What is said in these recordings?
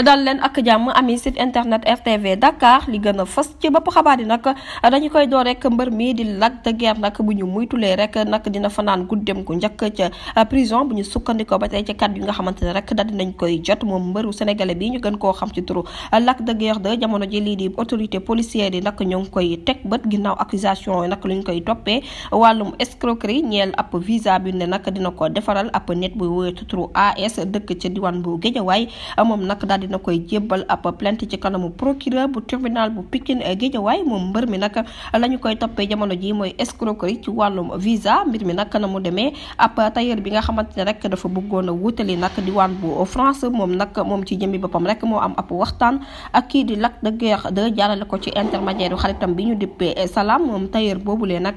dal leen ak jàmm ami site internet RTV dakaar li gën a fës ci bopp xabaar yi nag dañu koy door rek mbër mii di Lac de Guiers nag bu ñu muytulee rek nag dina fanaan guddem ku njëkk ca euh, prison bu ñu sukkandikoo ba tey ci kat yi nga xamante ne rek dal dinañ koy jot moom mbëru sénégalais bi ñu gën koo xam ci turu Lac de Guiers de jamono ji lii di autorité policière yi nag ñoo ngi koy teg bët ginnaaw accusation yi nag lu ñu koy toppee wàllum escroquerie ñeel app visa bi ne nag dina ko defaral ab net bu wéetu turu dëkk ca diwaan bu Géejawaay moom nag dina koy jébbal ab plainte ci kanamu procureur bu tribunal bu Pikine Guédiawaye moom mbër mi nag la ñu koy toppee jamono ji mooy escroquerie ci wàllum visa mbir mi nag na demee ab tailleur bi nga xamante ne rek dafa bëggoon a wutali nag diwaan bu France moom nag moom ci jëmmi boppam rek moo am ab waxtaan ak kii di Lac de Guiers 2 jaarale ko ci intermédiaire xaritam bi ñu dippee Salam moom tailleur boobulee nag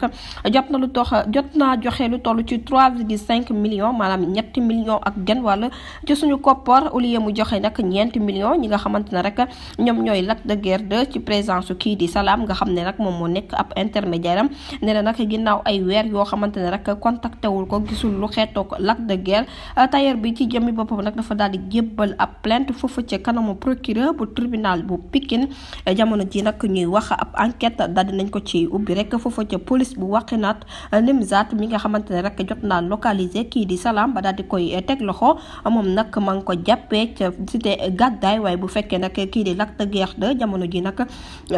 jot na lu tox jot naa joxe lu toll ci 3,5 millions maanaam ñetti millions ak genn wàll ci suñu koppar au mu joxe nag ñeent ñetti millions ñi nga xamante ne rek ñoom ñooy Lac de Guiers 2 ci présence su kii di Salam nga xam ne nag moom moo nekk ab intermédiaire am nee na nag ginnaaw ay weer yoo xamante ne rek contacté ko gisul lu xeetoo ko Lac de Guiers tailleur bi ci jëmmi boppam nag dafa daal di jébbal ab plainte foofu ca kanamu procureur bu tribunal bu Pikine jamono ji nag ñuy wax ab enquête daal nañ ko ci ubbi rek foofu ca police bu Wakhinane Nimzatt mi nga xamante ne rek jot naa localiser kii di Salam ba daal di koy teg loxo moom nag ma gàddaay waaye bu fekkee nag kii di Lac de jamono ji nag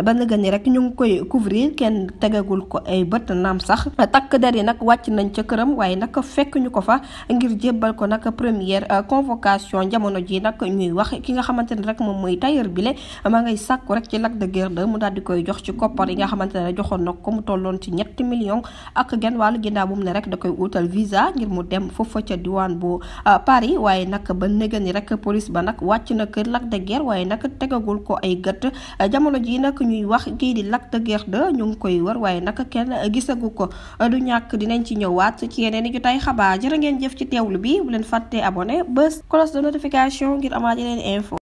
ba nëgën ni rek ñu ngi koy couvrir kenn tegagul ko ay bët naam sax takk der yi nag wàcc nañ ca këram waaye nag fekk ñu ko fa ngir jébbal ko nag première euh, convocation jamono ji nag ñuy wax ki nga xamante ne rek moom mooy tailleur bile maa ngay sàkku rek ci Lac de mu daal di koy jox ci koppar yi nga xamante ne joxoon na ko mu tolloon ci ñetti million ak genn wàllu ginnaaw bu mu ne rek da koy wutal visa ngir mu dem foofa diwaan bu euh, kër Lac de Guiers waaye nag tegagul ko ay gët jamono ji nag ñuy wax kii di Lac de da 2 ñu ngi koy wër waaye nag kenn gisagu ko du ñàkk dinañ ci ñëwaat ci yeneen i jotaay xabaar jërë ngeen jëf ci teewlu bi bu leen fàttee abonné bés cloche de notification ngir amaat yeneen info